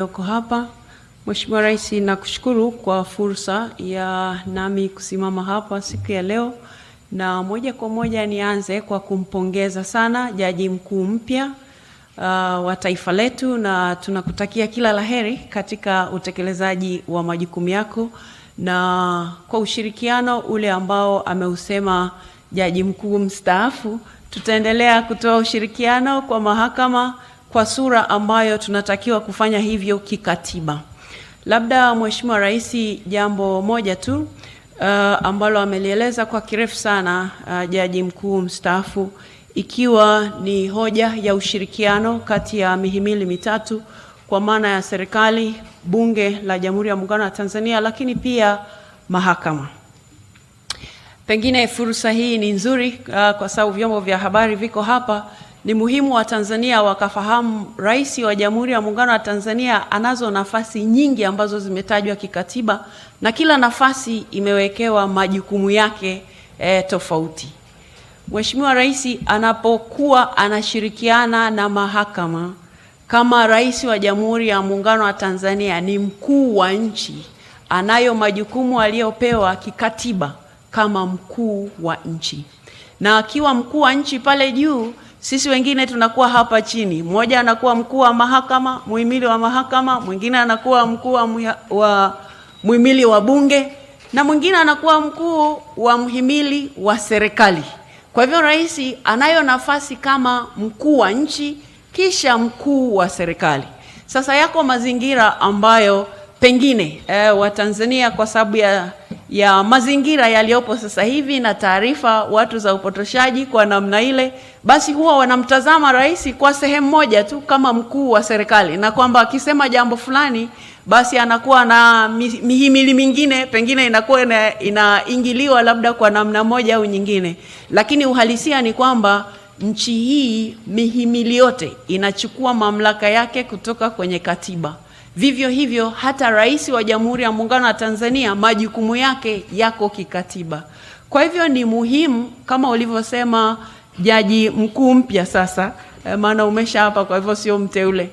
Yoko hapa. Mheshimiwa Rais, nakushukuru kwa fursa ya nami kusimama hapa siku ya leo, na moja kwa moja nianze kwa kumpongeza sana Jaji Mkuu mpya uh, wa taifa letu, na tunakutakia kila laheri katika utekelezaji wa majukumu yako na kwa ushirikiano ule ambao ameusema Jaji Mkuu mstaafu, tutaendelea kutoa ushirikiano kwa mahakama kwa sura ambayo tunatakiwa kufanya hivyo kikatiba. Labda Mheshimiwa Rais, jambo moja tu uh, ambalo amelieleza kwa kirefu sana uh, Jaji Mkuu mstaafu, ikiwa ni hoja ya ushirikiano kati ya mihimili mitatu kwa maana ya serikali, Bunge la Jamhuri ya Muungano wa Tanzania, lakini pia mahakama. Pengine fursa hii ni nzuri uh, kwa sababu vyombo vya habari viko hapa ni muhimu Watanzania wakafahamu Rais wa Jamhuri ya Muungano wa Tanzania anazo nafasi nyingi ambazo zimetajwa kikatiba na kila nafasi imewekewa majukumu yake e, tofauti. Mheshimiwa Rais anapokuwa anashirikiana na mahakama kama Rais wa Jamhuri ya Muungano wa Tanzania ni mkuu wa nchi, anayo majukumu aliyopewa kikatiba kama mkuu wa nchi, na akiwa mkuu wa nchi pale juu sisi wengine tunakuwa hapa chini, mmoja anakuwa mkuu wa mahakama, muhimili wa mahakama, mwingine anakuwa mkuu wa muhimili wa bunge, na mwingine anakuwa mkuu wa mhimili wa serikali. Kwa hivyo rais anayo nafasi kama mkuu wa nchi, kisha mkuu wa serikali. Sasa yako mazingira ambayo pengine eh, Watanzania kwa sababu ya ya mazingira yaliyopo sasa hivi na taarifa watu za upotoshaji kwa namna ile, basi huwa wanamtazama rais kwa sehemu moja tu kama mkuu wa serikali, na kwamba akisema jambo fulani basi anakuwa na mihimili mingine pengine inakuwa inaingiliwa labda kwa namna moja au nyingine, lakini uhalisia ni kwamba nchi hii mihimili yote inachukua mamlaka yake kutoka kwenye katiba. Vivyo hivyo hata Rais wa Jamhuri ya Muungano wa Tanzania majukumu yake yako kikatiba. Kwa hivyo ni muhimu kama ulivyosema jaji mkuu mpya sasa, eh, maana umesha hapa, kwa hivyo sio mteule,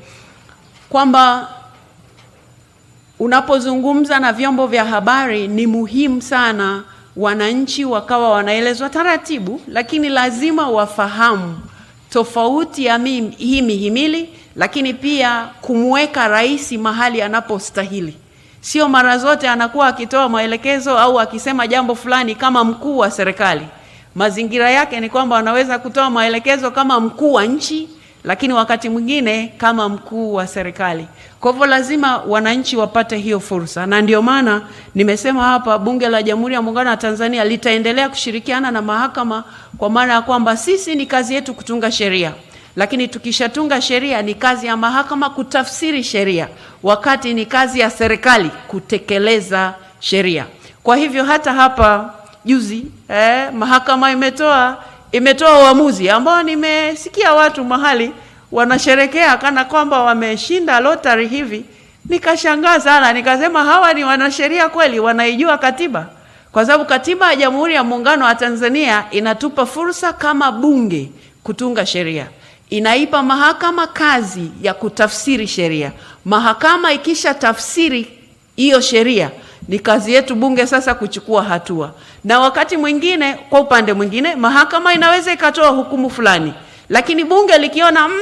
kwamba unapozungumza na vyombo vya habari ni muhimu sana wananchi wakawa wanaelezwa taratibu, lakini lazima wafahamu tofauti ya mimi, hii mihimili lakini pia kumweka rais mahali anapostahili. Sio mara zote anakuwa akitoa maelekezo au akisema jambo fulani kama mkuu wa serikali. Mazingira yake ni kwamba anaweza kutoa maelekezo kama mkuu wa nchi lakini wakati mwingine kama mkuu wa serikali. Kwa hivyo lazima wananchi wapate hiyo fursa, na ndio maana nimesema hapa, Bunge la Jamhuri ya Muungano wa Tanzania litaendelea kushirikiana na mahakama, kwa maana ya kwamba sisi ni kazi yetu kutunga sheria lakini tukishatunga sheria ni kazi ya mahakama kutafsiri sheria, wakati ni kazi ya serikali kutekeleza sheria. Kwa hivyo hata hapa juzi eh, mahakama imetoa imetoa uamuzi ambao nimesikia watu mahali wanasherekea kana kwamba wameshinda lotari hivi. Nikashangaa sana, nikasema hawa ni wanasheria kweli, wanaijua katiba? Kwa sababu katiba ya Jamhuri ya Muungano wa Tanzania inatupa fursa kama bunge kutunga sheria, inaipa mahakama kazi ya kutafsiri sheria. Mahakama ikisha tafsiri hiyo sheria ni kazi yetu bunge sasa kuchukua hatua, na wakati mwingine, kwa upande mwingine, mahakama inaweza ikatoa hukumu fulani, lakini bunge likiona mm,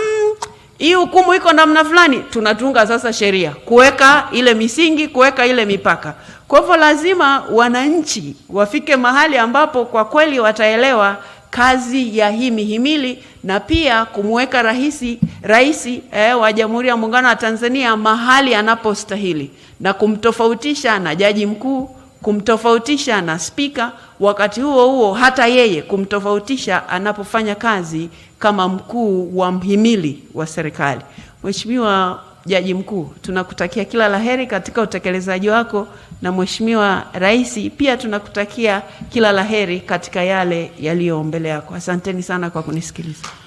hii hukumu iko namna fulani, tunatunga sasa sheria kuweka ile misingi, kuweka ile mipaka. Kwa hivyo lazima wananchi wafike mahali ambapo kwa kweli wataelewa kazi ya hii mihimili na pia kumweka rahisi rais eh, wa Jamhuri ya Muungano wa Tanzania mahali anapostahili na kumtofautisha na jaji mkuu, kumtofautisha na spika, wakati huo huo hata yeye kumtofautisha anapofanya kazi kama mkuu wa mhimili wa serikali. Mheshimiwa Jaji Mkuu, tunakutakia kila laheri katika utekelezaji wako, na Mheshimiwa Rais pia tunakutakia kila laheri katika yale yaliyo mbele yako. Asanteni sana kwa kunisikiliza.